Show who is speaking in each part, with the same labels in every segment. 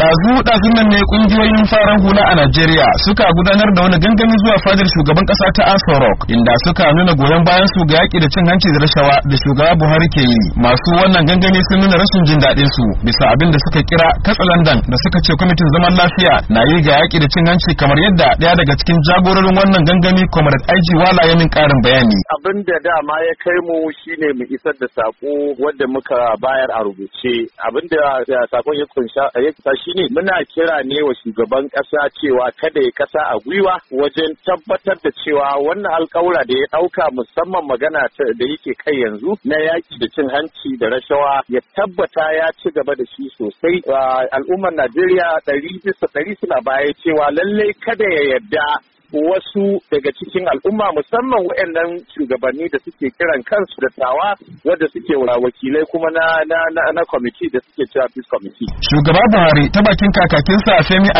Speaker 1: ɗazu ɗazun nan ne ƙungiyoyin farar hula a Najeriya suka gudanar da wani gangami zuwa fadar shugaban ƙasa ta Aso Rock inda suka nuna goyon bayan su ga yaƙi da cin hanci da rashawa da shugaba Buhari ke yi. Masu wannan gangami sun nuna rashin jin daɗin su bisa abin da suka kira katsalandan da suka ce kwamitin zaman lafiya na yi ga yaƙi da cin hanci kamar yadda daya daga cikin jagororin wannan gangami Comrade IG Wala ya min bayani.
Speaker 2: Abin da dama ya kai mu shine mu isar da sako wanda muka bayar a rubuce abin da sako ya kunsha ya kunsa shi shine muna kira ne wa shugaban ƙasa cewa kada ya kasa a gwiwa wajen tabbatar da cewa wannan alƙawura da ya ɗauka musamman magana da yake kai yanzu na yaki da cin hanci da rashawa ya tabbata ya ci gaba da shi sosai al'ummar Najeriya ɗari bisa ɗari suna baya cewa lallai kada ya yarda wasu daga cikin al'umma musamman waɗannan shugabanni da suke kiran kansu da tawa wadda suke wakilai kuma na na na, kwamiti da suke cewa peace committee.
Speaker 1: Shugaba Buhari ta bakin kakakinsa Femi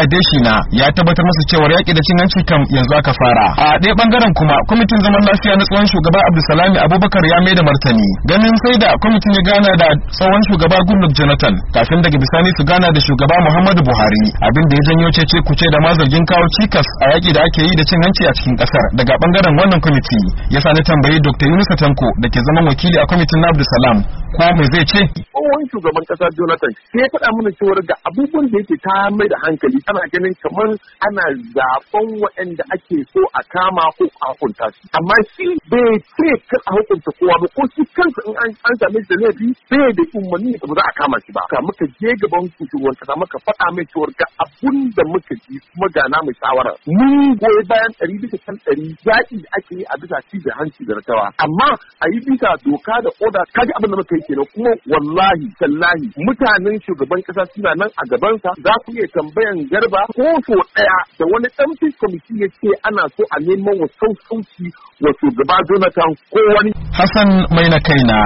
Speaker 1: na ya tabbatar masa cewa yaƙi da cin hanci kam yanzu aka fara. A ɗaya bangaren kuma kwamitin zaman lafiya na tsohon shugaba Abdulsalami Abubakar ya mai da martani. Ganin sai da kwamitin ya gana da tsohon shugaba Goodluck Jonathan kafin daga bisani su gana da shugaba Muhammadu Buhari Abinda ya janyo cece kuce da ma zargin kawo cikas a yaƙi da ake yi da cin hanci a cikin kasar daga bangaren wannan kwamiti ya sani tambayi dr yunusa tanko da ke zaman wakili a kwamitin na abdulsalam ko mai zai ce
Speaker 3: tsohon shugaban kasa jonathan sai ya faɗa mana cewar da abubuwan da yake ta mai da hankali ana ganin kamar ana zaben waɗanda ake so a kama ko a hukunta su amma shi bai ce kar a hukunta kowa ba ko shi kansa in an same shi da laifi bai da umarni da ba za a kama shi ba ka muka je gaban shugaban kasa muka faɗa mai cewar ga abun da muka ji kuma ga na mu shawara mun goyi bayan ɗari bisa kan ɗari yaƙi ake yi a bisa ci hanci da rakawa amma a yi bisa doka da oda kaji abin da muka yi kenan kuma wallahi sallahi, mutanen shugaban ƙasa suna nan a gabansa za ku iya tambayan garba ko so ɗaya da wani ɗan kwamiti ya ce ana so a neman wa sauƙi wa shugaba Jonathan ko wani.
Speaker 1: Hassan mai na kaina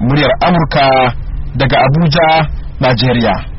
Speaker 3: muryar Amurka daga Abuja, Najeriya.